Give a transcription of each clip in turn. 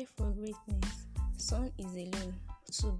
Strive for greatness. Sun is alone, too,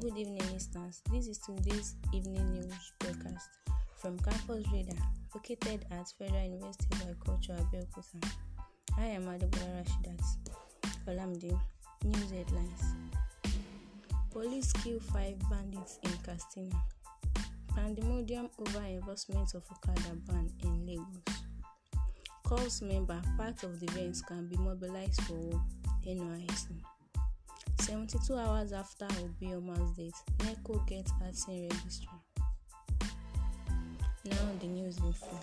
Good evening, listeners. This is today's evening news broadcast from Campus Radio, located at Federal University of Agriculture, Abeokuta. I am Adebola Rashidat. Olamide, news headlines. Police kill five bandits in Castina. Pandemonium over enforcement of Okada ban in Lagos. Corps member, part of the events can be mobilized for NYC. 72 hours after Obioma's death, NECO gets acting register. Now the news info.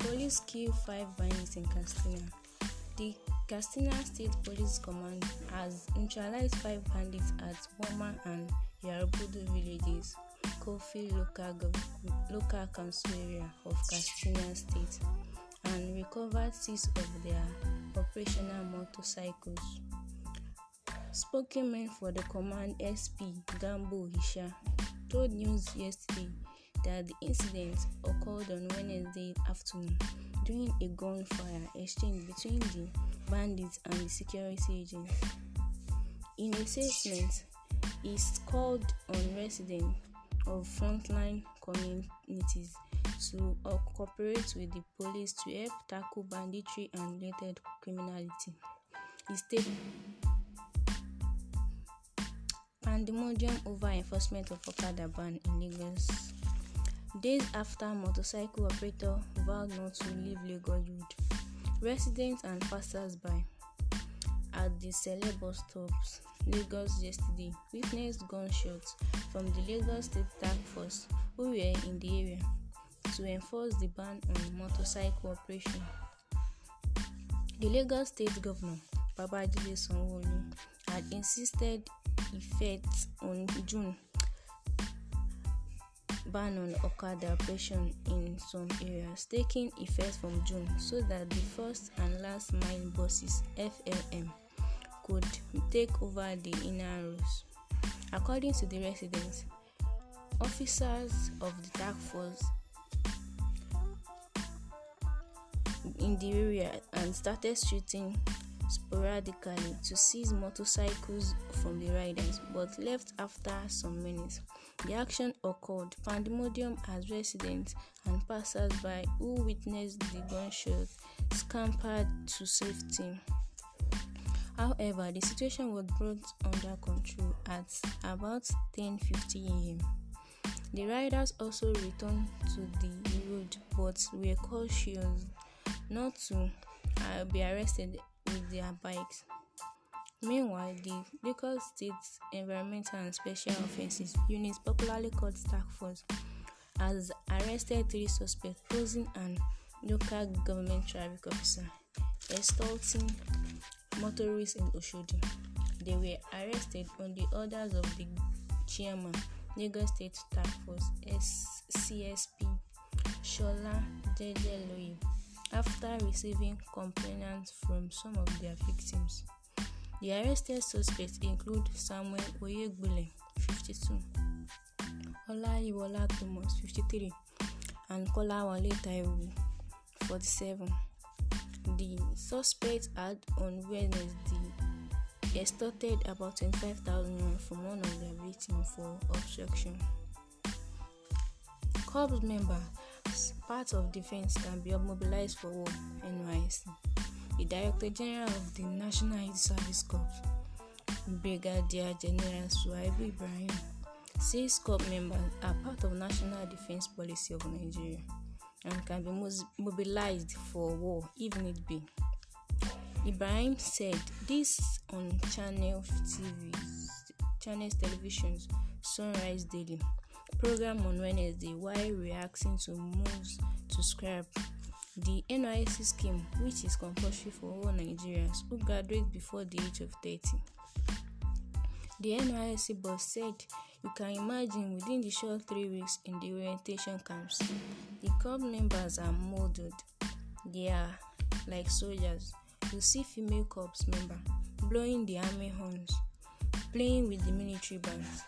Police kill five bandits in Castina. The Castina State Police Command has neutralized five bandits at Woma and Yarabudu villages, Kofi local, local council area of Castina State and recovered six of their operational motorcycles. Spokesman for the command SP Gambo Hisha told news yesterday that the incident occurred on Wednesday afternoon during a gunfire exchange between the bandits and the security agents. In a statement, he called on residents of frontline communities to uh, cooperate with the police to help tackle banditry and related criminality. Instead, pandemonium over enforcement of Okada ban in Lagos. Days after motorcycle operator vowed not to leave Lagos Road, residents and passers-by at the Sele bus stops, Lagos yesterday witnessed gunshots from the Lagos State Task Force who were in the area. to enforce the ban on motorcycle operation. The Lagos State Governor Babajide Sanwo-Olu had insisted effect on June ban on Okada operation in some areas, taking effect from June so that the first and last mile buses FLM could take over the inner roads. According to the residents, officers of the task force in the area and started shooting sporadically to seize motorcycles from the riders but left after some minutes. The action occurred pandemonium as residents and passers-by who witnessed the gunshot scampered to safety. However, the situation was brought under control at about 10:50 a.m. The riders also returned to the road but were cautious not to uh, be arrested with their bikes. Meanwhile, the Lagos State Environmental and Special Offences Unit, popularly called Task Force, has arrested three suspects posing as local government traffic officer assaulting motorists in Oshodi. They were arrested on the orders of the chairman, Lagos State Task Force (CSP), Shola Dejeloye. after receiving complaints from some of their victims. The arrested suspects include Samuel Oyegbule, 52, Olayiwola Thomas, 53, and Kolawole Taiwo, 47. The suspects had on Wednesday extorted about 25,000 naira from one of their victims for obstruction. Corps member Parts of defense can be mobilized for war, NYC. The Director General of the National Youth Service Corps, Brigadier General Suhaibu Ibrahim, says Corps members are part of national defense policy of Nigeria and can be mobilized for war if need be. Ibrahim said this on Channel TV, Channel's television's Sunrise Daily. program on Wednesday while reacting to moves to scrap the NYSC scheme, which is compulsory for all Nigerians who graduate before the age of 30. The NYSC boss said, You can imagine within the short three weeks in the orientation camps, the club members are molded. They are like soldiers. You see female corps member blowing the army horns, playing with the military bands.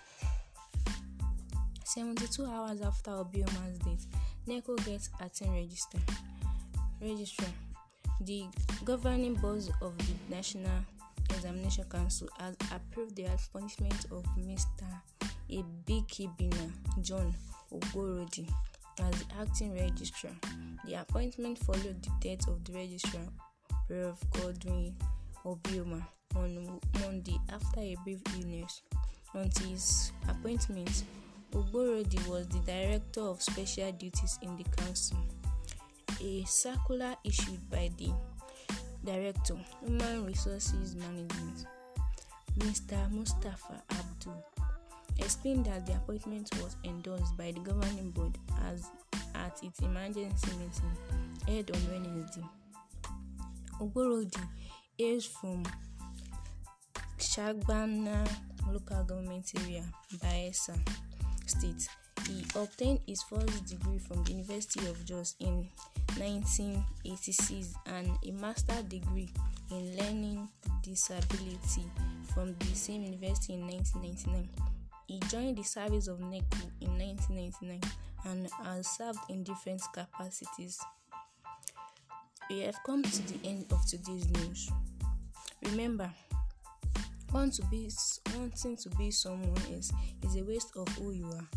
72 hours after Obioman's death, NECO gets Aten register. Registrar. The governing board of the National Examination Council has approved the appointment of Mr. Ebikibina John Ogorodi as the acting registrar. The appointment followed the death of the registrar, Rev. Godwin Obioma, on Monday after a brief illness. Until his appointment, Ogborodi was the director of special duties in the council. A circular issued by the director, Human Resources Management, Mr. Mustafa Abdul, explained that the appointment was endorsed by the governing board as at its emergency meeting held on Wednesday. Ogborodi is from Shagbana local government area, Baesa. State. He obtained his first degree from the University of Jos in 1986 and a master's degree in learning disability from the same university in 1999. He joined the service of NECU in 1999 and has served in different capacities. We have come to the end of today's news. Remember, Want to be wanting to be someone else is a waste of who you are.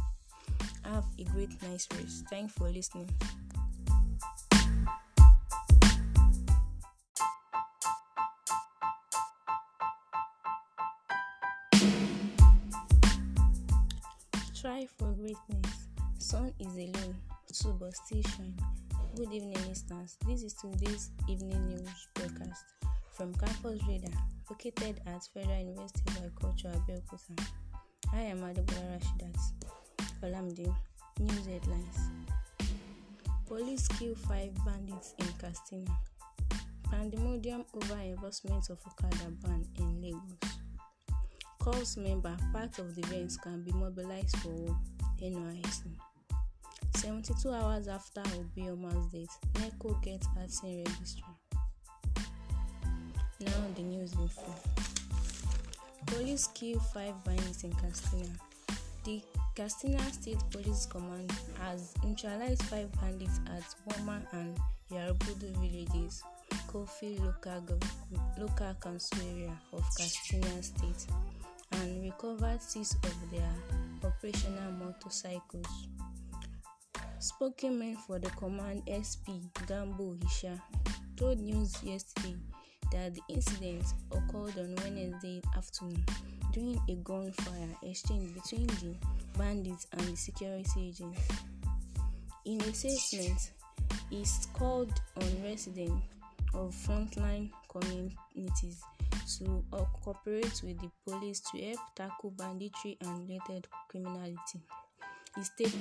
Have a great nice rest. Thanks for listening. Try for greatness. Sun is alone, so but still shine. Good evening, listeners. This is today's evening news broadcast from Campus Reader, located at Federal University of Agriculture, Abeokuta. I am Adebola Rashidat. Olamide, News Headlines. Police kill five bandits in Castina. Pandemodium over enforcement of Okada ban in Lagos. Calls member part of the events can be mobilized for NYC. 72 hours after Obioma's death, NECO gets action registry. Now the news info. Police kill five bandits in Castina. The Castina State Police Command has neutralized five bandits at Woma and Yarabudu villages, Kofi local, local council area of Castina State, and recovered six of their operational motorcycles. Spokesman for the command SP Gambo Hisha told news yesterday that the incident occurred on Wednesday afternoon during a gunfire exchange between the bandits and the security agents. In a statement, he called on residents of frontline communities to uh, cooperate with the police to help tackle banditry and related criminality. He stated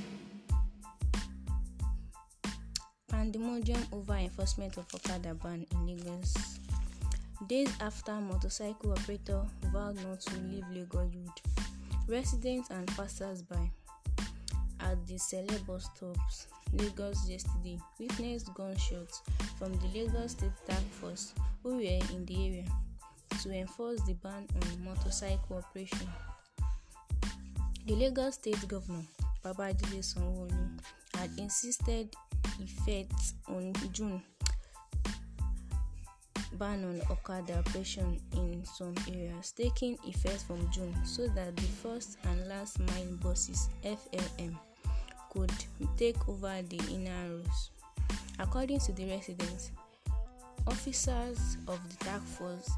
pandemonium over enforcement of Okada ban in Lagos. Days after motorcycle operator vowed not to leave Lagos Road, residents and passers-by at the Sele bus stops, Lagos yesterday witnessed gunshots from the Lagos State Task Force who were in the area to enforce the ban on motorcycle operation. The Lagos State Governor Babajide Sanwo-Olu had insisted effect on June ban on Okada operation in some areas taking effect from June so that the first and last mine bosses FLM could take over the inner roads. According to the residents, officers of the task force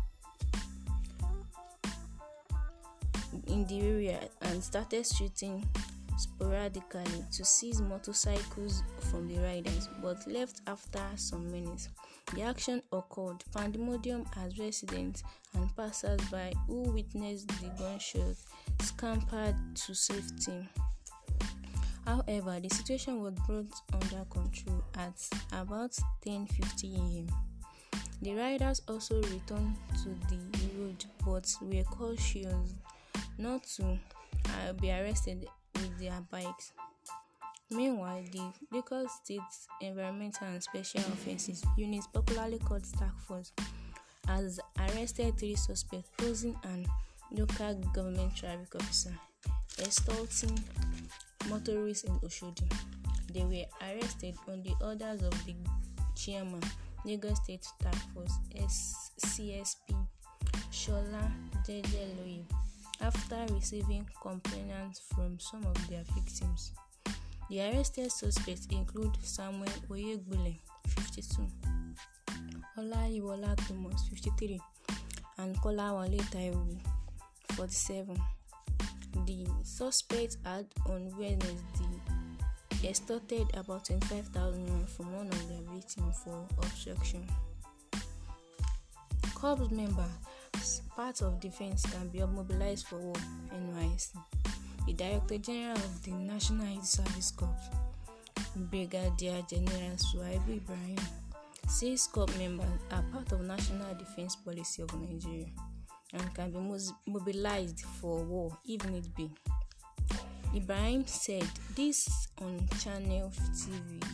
in the area and started shooting sporadically to seize motorcycles from the riders, but left after some minutes. The action occurred pandemonium as residents and passers-by who witnessed the gunshot scampered to safety. However, the situation was brought under control at about 10:50 a.m. The riders also returned to the road but were cautious not to uh, be arrested with their bikes. Meanwhile, the local State Environmental and Special Offences Unit, popularly called Task Force, has arrested three suspects posing an local government traffic officer assaulting motorists in Oshodi. They were arrested on the orders of the chairman, Lagos State Task Force (CSP), Shola Jejeloye. after receiving complaints from some of their victims. The arrested suspects include Samuel Oyegbule, 52, Olayiwola Thomas, 53, and Kolawale Taiwo, 47. The suspects had on Wednesday extorted about 25,000 naira from one of their victims for obstruction. Corps member As part of defense can be mobilized for war (NYSC), the Director General of the National Youth Service Corps, Brigadier General Shuaibu Ibrahim, says Corps members are part of national defense policy of Nigeria and can be mobilized for war if need be. Ibrahim said this on Channel TV,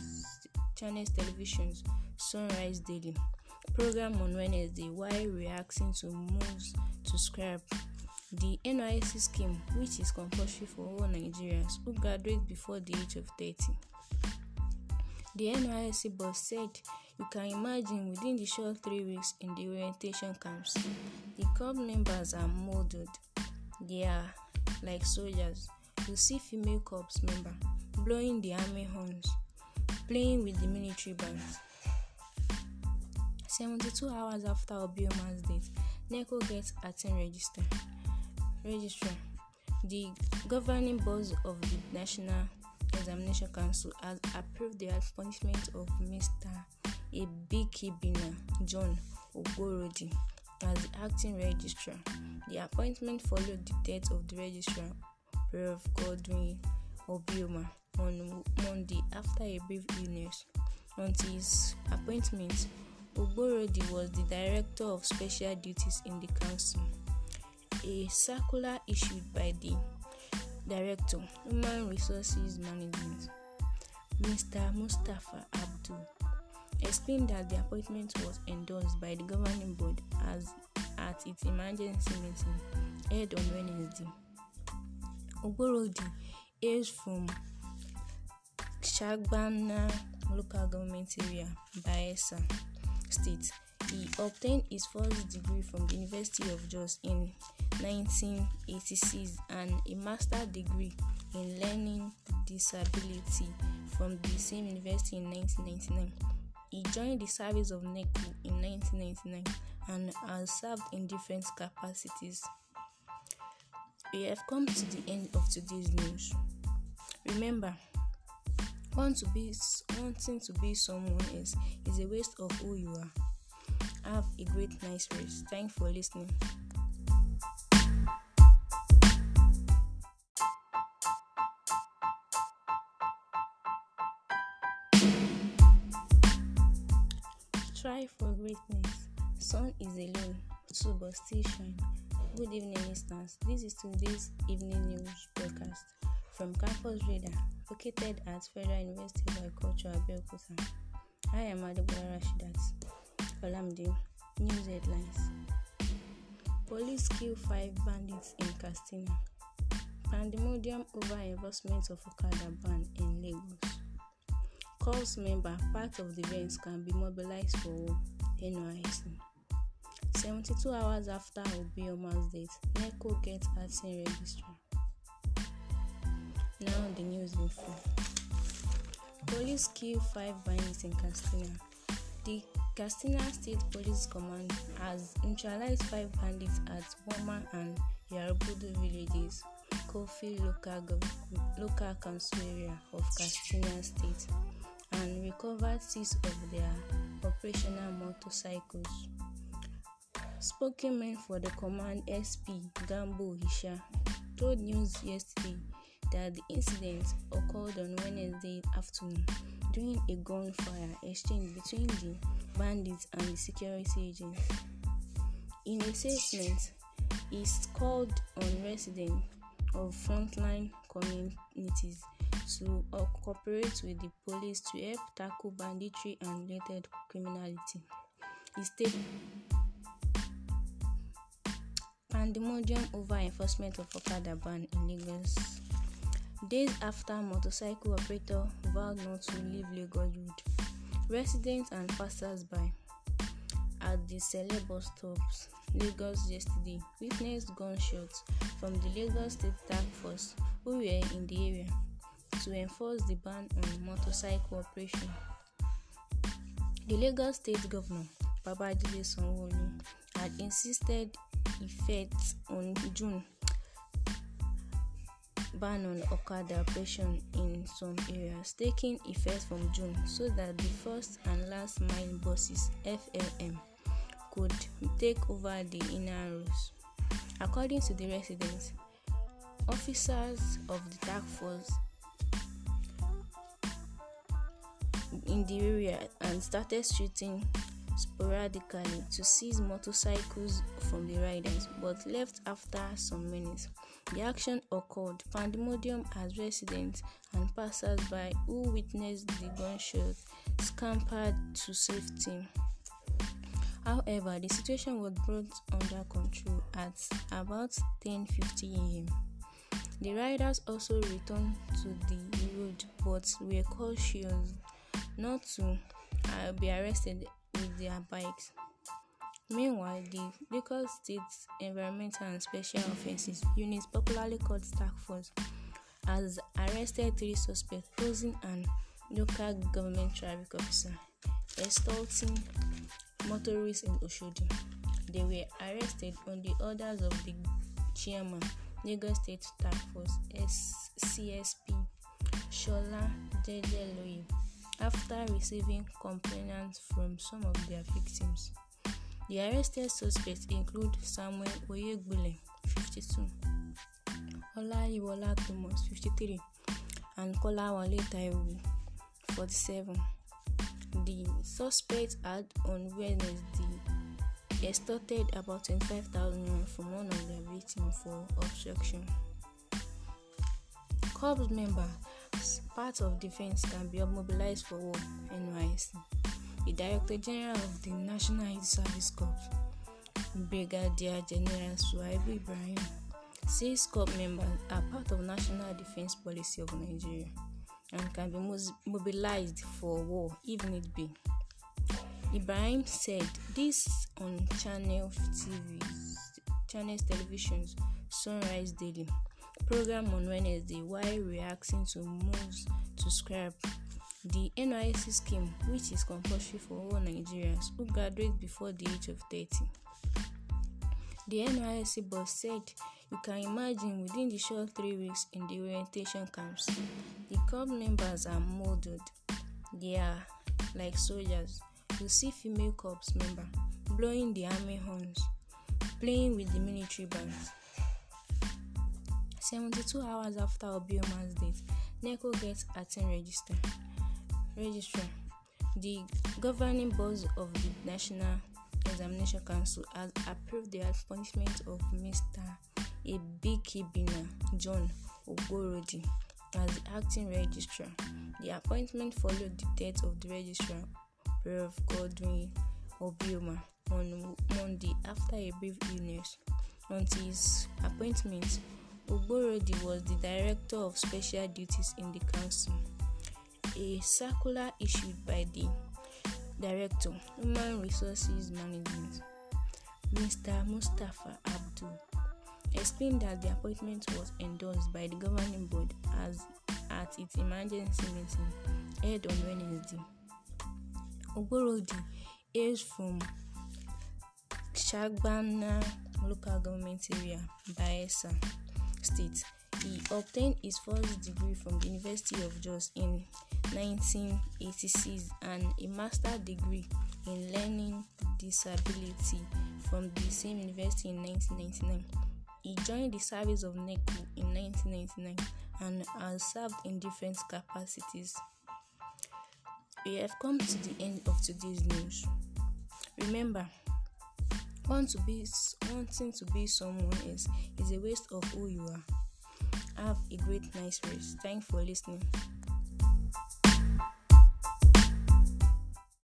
Channel's television's Sunrise Daily. program on Wednesday while reacting to moves to scrap the NYC scheme, which is compulsory for all Nigerians who graduate before the age of 30. The NYC boss said, You can imagine within the short three weeks in the orientation camps, the club members are molded. They are like soldiers. You see female corps member blowing the army horns, playing with the military bands. 72 hours after Obioman's death, NECO gets acting register. Registrar. The governing board of the National Examination Council has approved the appointment of Mr. Ebikibina John Ogorodi as the acting registrar. The appointment followed the death of the registrar, Prof. Godwin Obioma, on Monday after a brief illness. Until his appointment, Ogborodi was the Director of Special Duties in the Council. A circular issued by the Director, Human Resources Management, Mr. Mustafa Abdul, explained that the appointment was endorsed by the governing board as at its emergency meeting held on Wednesday. Ogborodi hails from Shagbana local government area, Baesa. State. He obtained his first degree from the University of Jos in 1986 and a master's degree in learning disability from the same university in 1999. He joined the service of NECU in 1999 and has served in different capacities. We have come to the end of today's news. Remember, Want to be wanting to be someone else is a waste of who you are. Have a great nice rest. Thanks for listening. Strive for greatness. Sun is alone, so but still shine. Good evening, listeners. This is today's evening news broadcast from Campus Radar located at Federal University of Agriculture, Abeokuta. I am Adebola Rashidat. Olamide, news headlines. Police kill five bandits in Castina. Pandemonium over enforcement of Okada ban in Lagos. Calls member part of the events can be mobilized for NYC. 72 hours after Obioma's death, NECO gets action registry. Now the news info. Police kill five bandits in Castina. The Castina State Police Command has neutralized five bandits at Woma and Yarabudu villages, Kofi local, local council area of Castina State, and recovered six of their operational motorcycles. Spokesman for the command SP Gambo Hisha told news yesterday that the incident occurred on Wednesday afternoon during a gunfire exchange between the bandits and the security agents. In a statement, he called on residents of frontline communities to uh, cooperate with the police to help tackle banditry and related criminality. He stated pandemonium over enforcement of Okada ban in Lagos. Days after motorcycle operator vowed not to leave Lagos Road, residents and passers-by at the Sele bus stops, Lagos yesterday witnessed gunshots from the Lagos State Task Force who were in the area to enforce the ban on motorcycle operation. The Lagos State Governor Babajide Sanwo-Olu had insisted effect on June ban on Okada operation in some areas, taking effect from June, so that the first and last mine bosses (FLM) could take over the inner roads. According to the residents, officers of the task force in the area and started shooting sporadically to seize motorcycles from the riders, but left after some minutes. The action occurred pandemonium as residents and passers-by who witnessed the gunshot scampered to safety. However, the situation was brought under control at about 10:50 a.m. The riders also returned to the road but were cautious not to uh, be arrested with their bikes. Meanwhile, the Lagos State Environmental and Special Offences Unit, popularly called Task Force, has arrested three suspects posing an local government traffic officer assaulting motorists in Oshodi. They were arrested on the orders of the chairman, Lagos State Task Force (CSP), Shola Jejeloye, after receiving complaints from some of their victims. The arrested suspects include Samuel Oyegbule, 52, Olayiwola Thomas, 53, and Kolawole Taiwo, 47. The suspects had on Wednesday extorted about 25,000 naira from one of their victims for obstruction. Corps members, part of defense can be mobilized for war, NYC the Director General of the National Youth Service Corps, Brigadier General Suhaibu Ibrahim, says Corps members are part of national defense policy of Nigeria and can be mobilized for war if need be. Ibrahim said this on Channel TV, Channel's television's Sunrise Daily program on Wednesday while reacting to moves to scrap the NYC scheme, which is compulsory for all Nigerians who graduate before the age of 30. The NYC boss said, You can imagine within the short three weeks in the orientation camps, the club members are molded. They are like soldiers. You see female corps member blowing the army horns, playing with the military bands. 72 hours after Obioma's death, NECO gets 18 register. Registrar The governing board of the National Examination Council has approved the appointment of Mr. Ibikibina John Ogorodi as the acting registrar. The appointment followed the death of the registrar, Prof. Godwin Obioma, on Monday after a brief illness. On his appointment, Ogorodi was the director of special duties in the council a circular issued by the Director, Human Resources Management, Mr. Mustafa Abdul, explained that the appointment was endorsed by the governing board as at its emergency meeting held on Wednesday. Ogorodi hails from Shagbana local government area, Bayelsa State. He obtained his first degree from the University of Jos in 1986 and a master's degree in learning disability from the same university in 1999. He joined the service of NECU in 1999 and has served in different capacities. We have come to the end of today's news. Remember, want to be, wanting to be someone else is a waste of who you are. Have a great, nice rest. Thanks for listening.